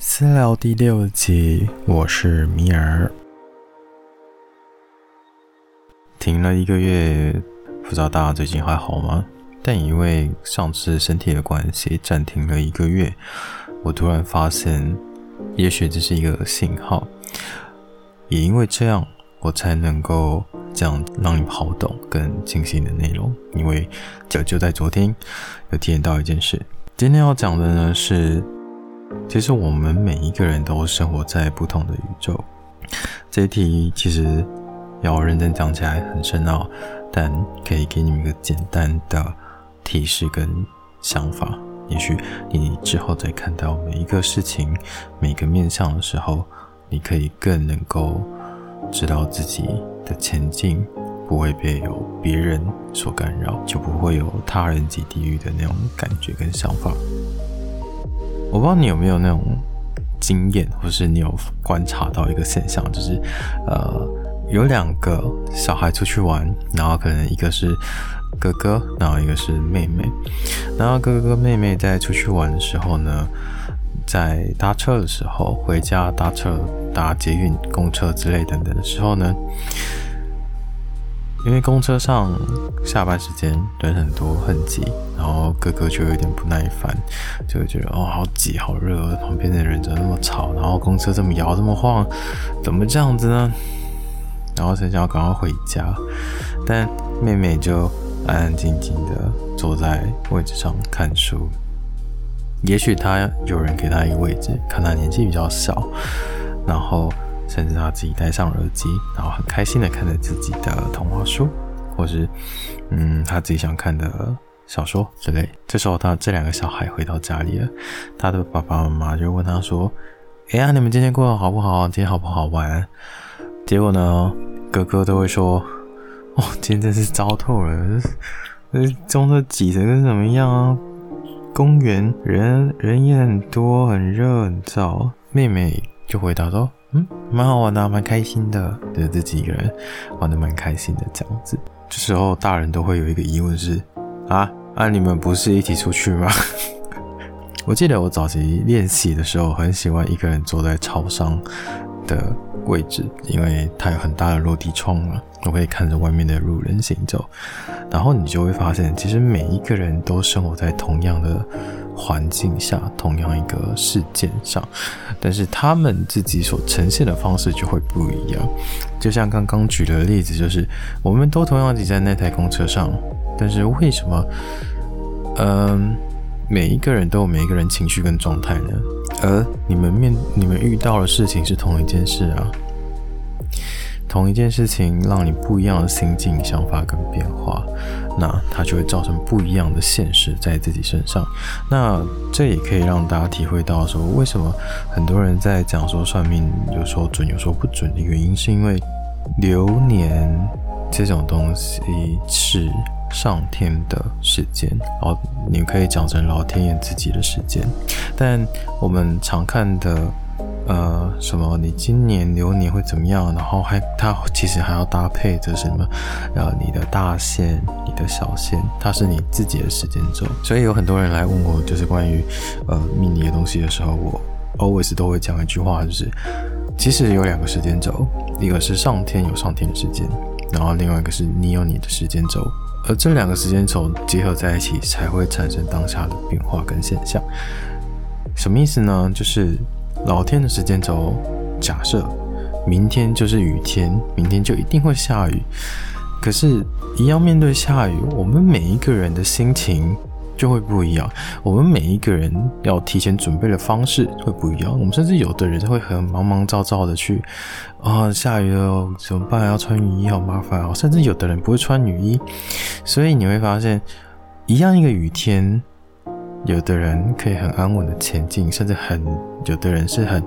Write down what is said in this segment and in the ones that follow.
私聊第六集，我是米爾。停了一個月，不知道大家最近還好嗎？但因為上次身體的關係暫停了一個月，我突然發現，也許這是一個信號。也因為這樣，我才能夠這樣讓你好懂更清晰的內容。因為就就在昨天，有體驗到一件事。今天要講的呢是。其實我們每一個人都生活在不同的宇宙。這一題其實要認真講起來很深奧，但可以給你們一個簡單的提示跟想法。也許你之後再看到每一個事情、每個面向的時候，你可以更能夠知道自己的前進不會被有別人所干擾，就不會有他人即地獄的那種感覺跟想法。我不知道你有沒有那種經驗，或是你有觀察到一個現象，就是，呃，有兩個小孩出去玩，然後可能一個是哥哥，然後一個是妹妹，然後哥哥跟妹妹在出去玩的時候呢，在搭車的時候，回家搭車、搭捷運、公車之類等等的時候呢。因為公車上下班時間人很多很擠，然後哥哥就有點不耐煩，就覺得哦好擠好熱，旁邊的人怎麼那麼吵，然後公車這麼搖這麼晃，怎麼這樣子呢？然後才想要趕快回家，但妹妹就安安靜靜的坐在位置上看書。也許她有人給她一個位置，看她年紀比較小，然後。甚至他自己戴上耳機，然後很開心地看着自己的童話書，或是嗯他自己想看的小說之類。這時候，他這兩個小孩回到家裡了，他的爸爸媽媽就問他說：“哎呀，你們今天過得好不好？今天好不好玩？”結果呢，哥哥都會說：“哦，今天真是糟透了，這，這中的擠成跟什麼樣啊？公園人人也很多，很熱很燥。”妹妹就回答說。嗯，蠻好玩的、啊，蠻開心的，對、就是、自己一個人玩的蠻開心的這樣子。這時候大人都會有一個疑問是：啊啊，你們不是一起出去嗎？ 我記得我早期練習的時候，很喜歡一個人坐在超商的位置，因為它有很大的落地窗嘛，我可以看着外面的路人行走。然後你就會發現，其實每一個人都生活在同樣的。環境下同樣一個事件上，但是他們自己所呈現的方式就會不一樣。就像剛剛舉的例子，就是我們都同樣擠在那台公車上，但是為什麼，嗯、呃，每一個人都有每一個人情緒跟狀態呢？而、呃、你們面你們遇到的事情是同一件事啊。同一件事情，讓你不一樣的心境、想法跟變化，那它就會造成不一樣的現實在自己身上。那這也可以讓大家體會到，說為什麼很多人在講說算命，有時候準，有時候不準的原因，是因為流年這種東西是上天的時間，然後你可以講成老天爺自己的時間，但我們常看的。呃，什麼？你今年流年會怎麼樣？然後還，它其實還要搭配着什麼？呃，你的大限，你的小限，它是你自己的時間軸。所以有很多人來問我，就是關於呃命理的東西的時候，我 always 都會講一句話，就是其實有兩個時間軸，一個是上天有上天的時間，然後另外一個是你有你的時間軸，而這兩個時間軸結合在一起，才會產生當下的變化跟現象。什麼意思呢？就是。老天的時間軸假設，明天就是雨天，明天就一定會下雨。可是，一樣面對下雨，我們每一個人的心情就會不一樣，我們每一個人要提前準備的方式會不一樣。我們甚至有的人會很忙忙躁躁的去，啊、哦，下雨了怎麼辦？要穿雨衣好，麻煩好麻煩啊！甚至有的人不會穿雨衣，所以你會發現，一樣一個雨天，有的人可以很安穩的前進，甚至很，有的人是很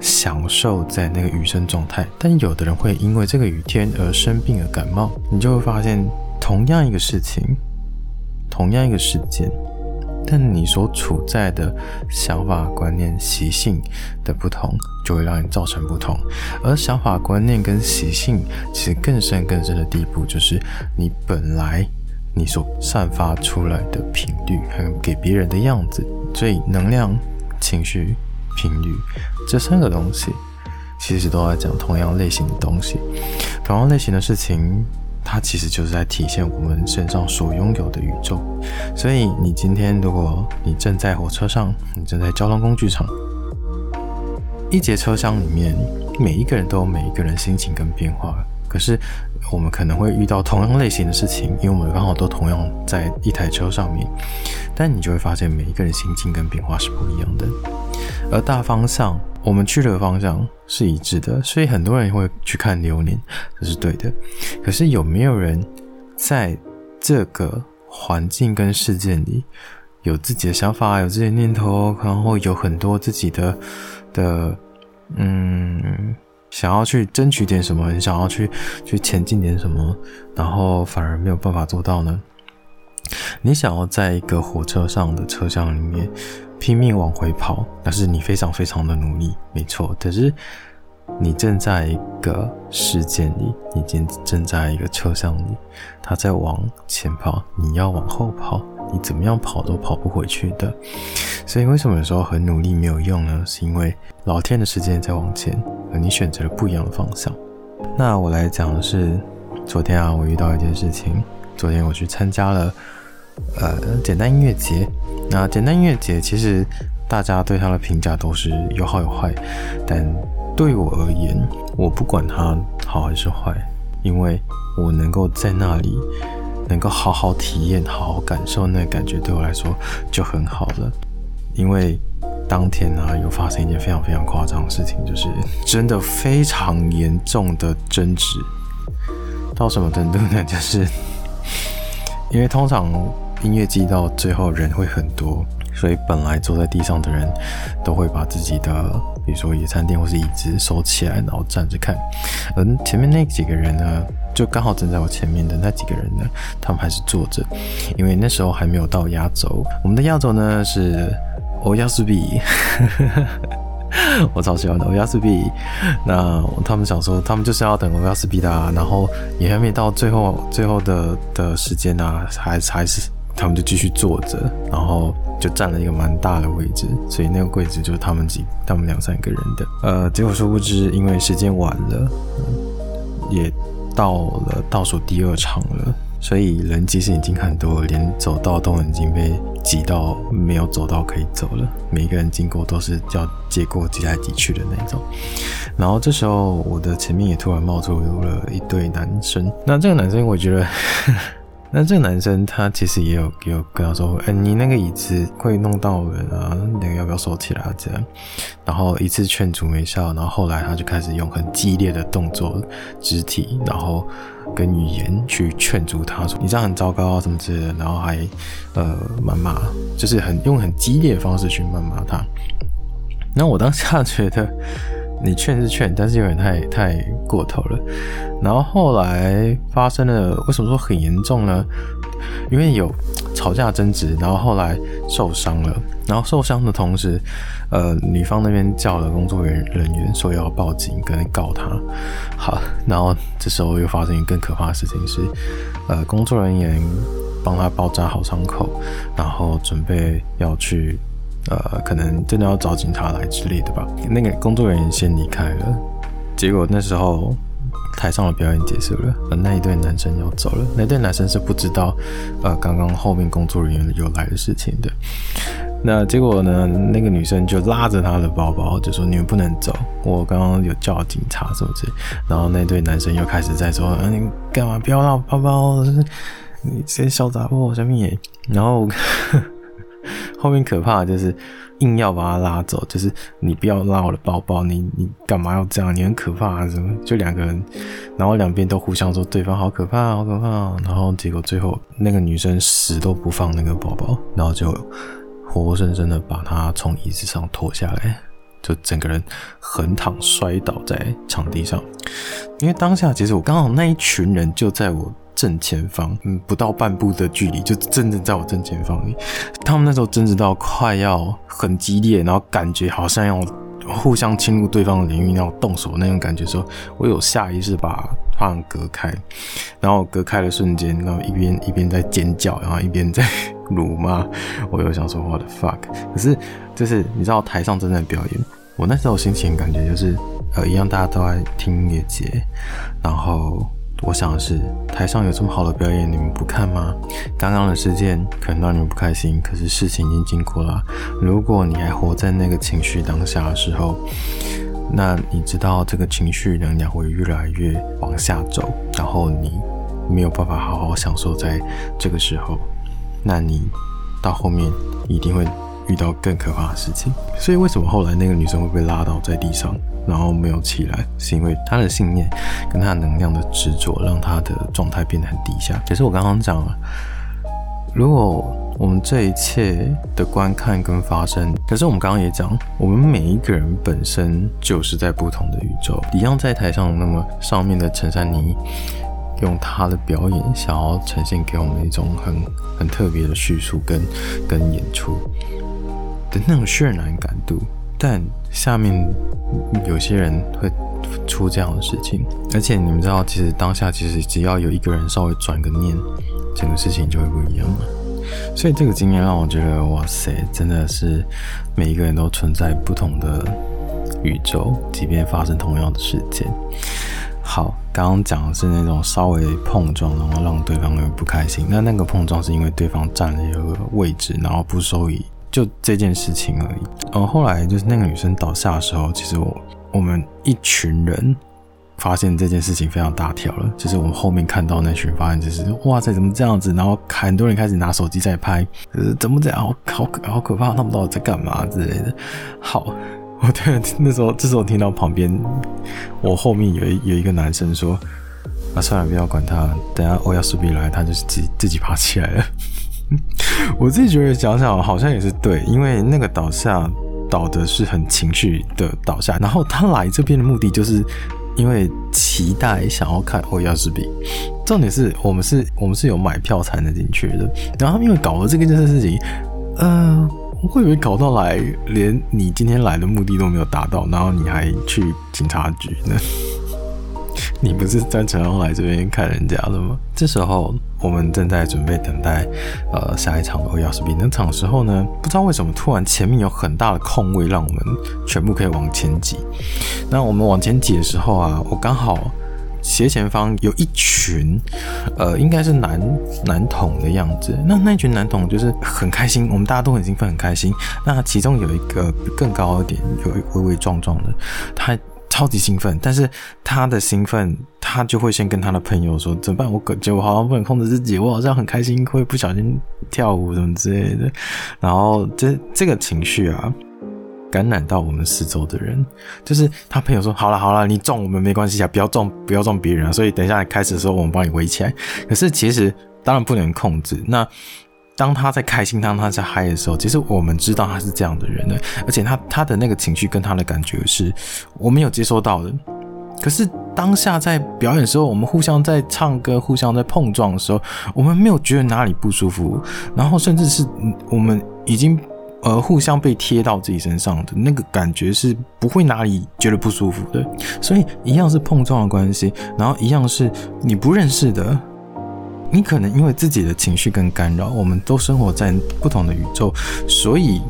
享受在那個雨聲狀態，但有的人會因為這個雨天而生病而感冒。你就會發現，同樣一個事情，同樣一個事件，但你所處在的想法、觀念、習性的不同，就會讓你造成不同。而想法、觀念跟習性，其實更深更深的地步，就是你本來。你所散發出來的頻率，還有給別人的樣子，所以能量、情緒、頻率這三個東西，其實都在講同樣類型的東西。同樣類型的事情，它其實就是在體現我們身上所擁有的宇宙。所以，你今天如果你正在火車上，你正在交通工具上，一節車廂裡面，每一個人都有每一個人心情跟變化。可是，我們可能會遇到同樣類型的事情，因為我們剛好都同樣在一台車上面。但你就會發現，每一個人心境跟變化是不一樣的。而大方向，我們去的方向是一致的，所以很多人會去看流年，這是對的。可是有沒有人在這個環境跟世界裡有自己的想法、有自己的念頭，然後有很多自己的的嗯，想要去爭取點什麼，你想要去去前進點什麼，然後反而沒有辦法做到呢？你想要在一個火車上的車廂裡面拼命往回跑，但是你非常非常的努力，沒錯。可是你正在一個時間裡，你正正在一個車廂裡，它在往前跑，你要往後跑，你怎麼樣跑都跑不回去的。所以為什麼有時候很努力沒有用呢？是因為老天的時間在往前。和你選擇了不一樣的方向，那我來講的是，昨天啊，我遇到一件事情。昨天我去參加了，呃，簡單音樂節。那簡單音樂節其實大家對它的評價都是有好有壞，但對我而言，我不管它好還是壞，因為我能夠在那裡能夠好好體驗、好好感受那感覺，對我來說就很好了，因為。當天呢、啊，又發生一件非常非常誇張的事情，就是真的非常嚴重的爭執。到什麼程度呢？就是因為通常音樂季到最後人會很多，所以本來坐在地上的人都會把自己的，比如說野餐墊或是椅子收起來，然後站着看。而前面那幾個人呢，就剛好站在我前面的那幾個人呢，他們還是坐着，因為那時候還沒有到壓軸。我們的壓軸呢是。歐亞斯比， 我超喜歡的歐亞斯比。那他們想說，他們就是要等歐亞斯比的、啊，然後也還沒到最後最後的的時間呢，還是還是他們就繼續坐着，然後就占了一個蠻大的位置，所以那個位置就是他們幾他們兩三個人的。呃，結果殊不知，因為時間晚了，也到了倒數第二場了。所以人其實已經很多，連走道都已經被擠到沒有走道可以走了。每一個人經過都是要借過擠來擠去的那一種。然後這時候我的前面也突然冒出了一對男生，那這個男生我覺得， 那這個男生他其實也有有跟他說：“哎、欸，你那個椅子會弄到人啊，那個要不要收起來、啊、這樣？”然後一次勸阻沒效，然後後來他就開始用很激烈的動作肢體，然後。跟語言去勸阻他說：“你這樣很糟糕啊，什麼之類的。”然後還，呃，謾罵，就是很用很激烈的方式去謾罵他。那我當下覺得，你勸是勸，但是有點太太過頭了。然後後來發生了，為什麼說很嚴重呢？因為有吵架爭執，然後後來受傷了，然後受傷的同時，呃，女方那邊叫了工作人員人員說要報警跟告他，好，然後這時候又發生一個更可怕的事情是，呃，工作人員幫他包扎好傷口，然後準備要去，呃，可能真的要找警察來之類的吧，那個工作人員先離開了，結果那時候。台上的表演結束了，呃、那一對男生要走了。那一對男生是不知道，呃，剛剛後面工作人員有來的事情的。那結果呢，那個女生就拉着他的包包，就說你們不能走，我剛剛有叫警察什麼是不是？然後那一對男生又開始在說，呃、你幹嘛不要鬧，包包？你這小雜貨什麼？然後。 後面可怕的就是，硬要把他拉走，就是你不要拉我的包包，你你幹嘛要這樣？你很可怕啊，什麼？就兩個人，然後兩邊都互相說對方好可怕，好可怕喔。然後結果最後那個女生死都不放那個包包，然後就活、活生生的把他從椅子上拖下來，就整個人橫躺摔倒在場地上。因為當下其實我剛好那一群人就在我。正前方，嗯，不到半步的距離，就真的在我正前方裡。他們那時候爭執到快要很激烈，然後感覺好像要互相侵入對方的領域，要動手那種感覺說。說我有下意識把他們隔開，然後隔開的瞬間，然後一邊一邊在尖叫，然後一邊在辱罵。我又想說 What the fuck，可是就是你知道，台上正在表演。我那時候心情感覺就是，呃，一樣大家都在聽音樂節，然後。我想的是，台上有這麼好的表演，你們不看嗎？剛剛的事件可能讓你們不開心，可是事情已經經過了。如果你還活在那個情緒當下的時候，那你知道這個情緒能量會越來越往下走，然後你沒有辦法好好享受在這個時候，那你到後面一定會遇到更可怕的事情。所以為什麼後來那個女生會被拉倒在地上？然後沒有起來，是因為他的信念跟他的能量的執着，讓他的狀態變得很低下。可是我剛剛講了，如果我們這一切的觀看跟發生，可是我們剛剛也講，我們每一個人本身就是在不同的宇宙。一樣，在台上，那麼上面的陳珊妮用她的表演，想要呈現給我們一種很很特別的敘述跟跟演出的那種渲染感度，但。下面有些人會出這樣的事情，而且你們知道，其實當下其實只要有一個人稍微轉個念，整個事情就會不一樣了。所以這個經驗讓我覺得，哇塞，真的是每一個人都存在不同的宇宙，即便發生同樣的事件。好，剛剛講的是那種稍微碰撞，然後讓對方有點不開心。那那個碰撞是因為對方佔了一個位置，然後不收益。就這件事情而已。然、嗯、後來就是那個女生倒下的時候，其實我我們一群人發現這件事情非常大條了。就是我們後面看到那群，發現就是哇塞，怎麼這樣子？然後很多人開始拿手機在拍、就是，怎麼這樣？好可好,好可怕！他們到底在幹嘛之類的？好，我突然聽那時候，這時候聽到旁邊，我後面有一有一個男生說：“啊，算了，不要管他了，等下歐陽蘇比來，他就是自己自己爬起來了。”我自己覺得想想好像也是對，因為那個倒下倒的是很情緒的倒下，然後他來這邊的目的就是因為期待想要看歐亞士比，重點是我們是我們是有買票才能進去的，然後因為搞了這個這件事情，呃，會不會搞到來連你今天來的目的都沒有達到，然後你還去警察局呢？你不是專程要來這邊看人家的嗎？這時候我們正在準備等待，呃，下一場的鑰匙比那場的時候呢，不知道為什麼突然前面有很大的空位，讓我們全部可以往前擠。那我們往前擠的時候啊，我剛好斜前方有一群，呃，應該是男男童的樣子。那那一群男童就是很開心，我們大家都很興奮，很開心。那其中有一個更高一點，有一個微微壯壯的，他。超級興奮，但是他的興奮，他就會先跟他的朋友說：“怎麼辦？我感覺我好像不能控制自己，我好像很開心，會不小心跳舞什麼之類的。”然後這這個情緒啊，感染到我們四周的人，就是他朋友說：“好了好了，你撞我們沒關係啊，不要撞不要撞別人啊。”所以等一下開始的時候，我們幫你圍起來。可是其實當然不能控制那。當他在開心，當他在嗨的時候，其實我們知道他是這樣的人的，而且他他的那個情緒跟他的感覺是，我沒有接收到的。可是當下在表演的時候，我們互相在唱歌，互相在碰撞的時候，我們沒有覺得哪裡不舒服。然後甚至是我們已經呃互相被貼到自己身上的那個感覺是不會哪裡覺得不舒服的。所以一樣是碰撞的關係，然後一樣是你不認識的。你可能因為自己的情緒跟干擾，我們都生活在不同的宇宙，所以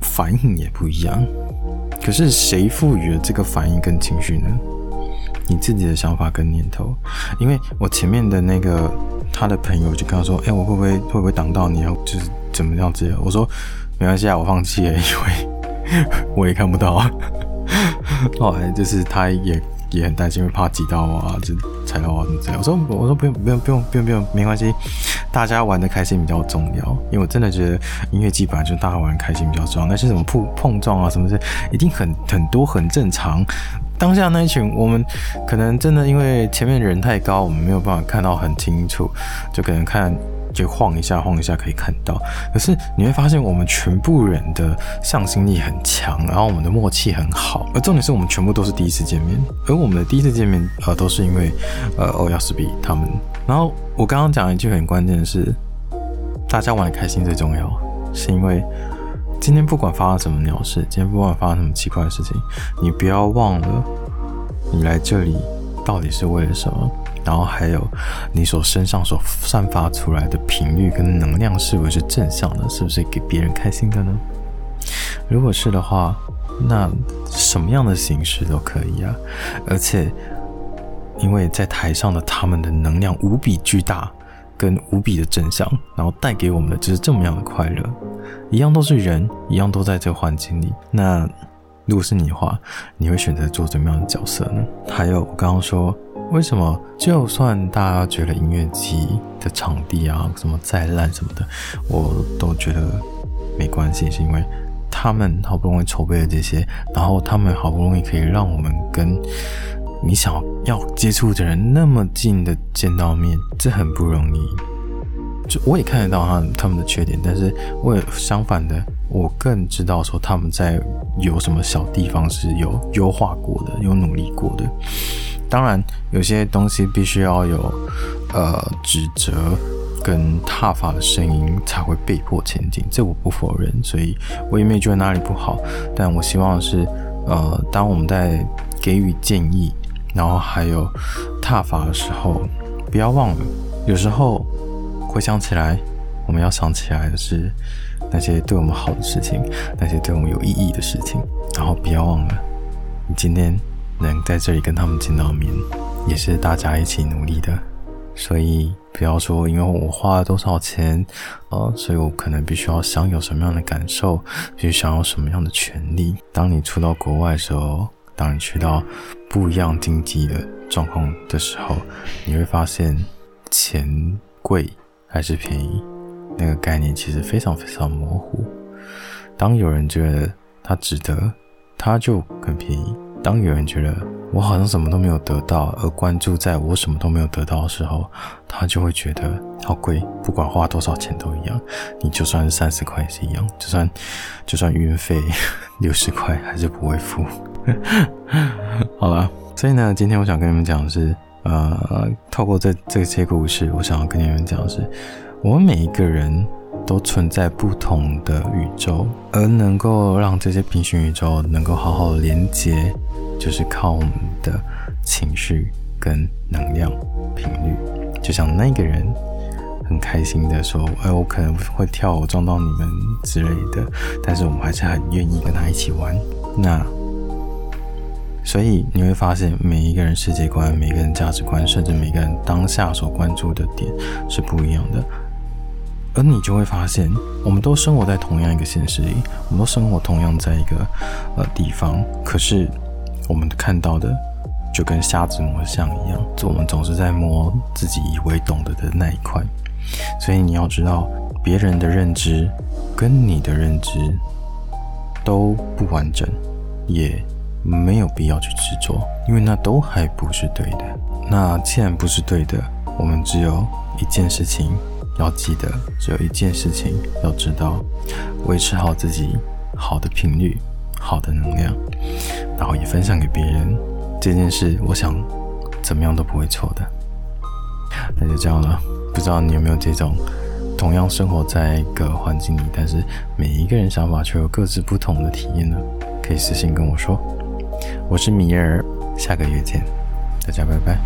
反應也不一樣。可是誰賦予了這個反應跟情緒呢？你自己的想法跟念頭。因為我前面的那個他的朋友就跟他說：“哎、欸，我會不會會不會擋到你？然就是怎麼這樣子。”我說：“沒關係啊，我放棄了，因為 我也看不到。 ”後來就是他也。也很擔心，會怕擠到啊，這踩到啊，什麼之類。我說，我說不用，不用，不用，不用，不用，沒關係。大家玩的開心比較重要，因為我真的覺得音樂祭本來就大家玩的開心比較重要。那些什麼碰碰撞啊，什麼之類，一定很很多，很正常。當下那一群，我們可能真的因為前面人太高，我們沒有辦法看到很清楚，就可能看。就晃一下，晃一下可以看到。可是你會發現，我們全部人的向心力很強，然後我們的默契很好。而重點是我們全部都是第一次見面，而我們的第一次見面，呃，都是因為呃歐亞斯比他們。然後我剛剛講一句很關鍵的是，大家玩的開心最重要，是因為今天不管發生什麼鳥事，今天不管發生什麼奇怪的事情，你不要忘了，你來這裡到底是為了什麼。然後還有你所身上所散發出來的頻率跟能量是不是正向的？是不是給別人開心的呢？如果是的話，那什麼樣的形式都可以啊。而且因為在台上的他們的能量無比巨大，跟無比的正向，然後帶給我們的就是這麼樣的快樂。一樣都是人，一樣都在這個環境裡。那如果是你的話，你會選擇做怎麼樣的角色呢？還有我剛剛說。為什麼？就算大家覺得音樂節的場地啊什麼再爛什麼的，我都覺得沒關係，是因為他們好不容易籌備了這些，然後他們好不容易可以讓我們跟你想要接觸的人那麼近的見到面，這很不容易。就我也看得到他們，他們的缺點，但是我也相反的，我更知道說他們在有什麼小地方是有優化過的，有努力過的。當然，有些東西必須要有，呃，指責跟撻伐的聲音才會被迫前進，這我不否認。所以，我也沒覺得哪裡不好。但我希望的是，呃，當我們在給予建議，然後還有撻伐的時候，不要忘了，有時候回想起來，我們要想起來的是那些對我們好的事情，那些對我們有意義的事情。然後，不要忘了，你今天。能在這裡跟他們見到面，也是大家一起努力的。所以不要說因為我花了多少錢，呃，所以我可能必須要享有什麼樣的感受，必須享有什麼樣的權利。當你出到國外的時候，當你去到不一樣經濟的狀況的時候，你會發現錢貴還是便宜，那個概念其實非常非常模糊。當有人覺得它值得，它就很便宜。當有人覺得我好像什麼都沒有得到，而關注在我什麼都沒有得到的時候，他就會覺得好貴，不管花多少錢都一樣。你就算是三十塊也是一樣，就算就算運費六十塊還是不會付。 好啦，所以呢，今天我想跟你們講的是，呃，透過這這些故事，我想要跟你們講的是，我們每一個人都存在不同的宇宙，而能夠讓這些平行宇宙能夠好好連接。就是靠我們的情緒跟能量頻率，就像那一個人很開心的說：“哎，我可能會跳舞撞到你們之類的。”但是我們還是很願意跟他一起玩。那所以你會發現，每一個人世界觀、每個人價值觀，甚至每個人當下所關注的點是不一樣的。而你就會發現，我們都生活在同樣一個現實裡，我們都生活同樣在一個呃地方，可是。我們看到的就跟瞎子摸象一樣，我們總是在摸自己以為懂得的那一塊。所以你要知道，別人的認知跟你的認知都不完整，也沒有必要去執着，因為那都還不是對的。那既然不是對的，我們只有一件事情要記得，只有一件事情要知道：維持好自己好的頻率。好的能量，然後也分享給別人，這件事我想怎麼樣都不會錯的。那就這樣了，不知道你有沒有這種同樣生活在一個環境裡，但是每一個人想法却有各自不同的體驗呢？可以私信跟我說。我是米爾，下個月見，大家拜拜。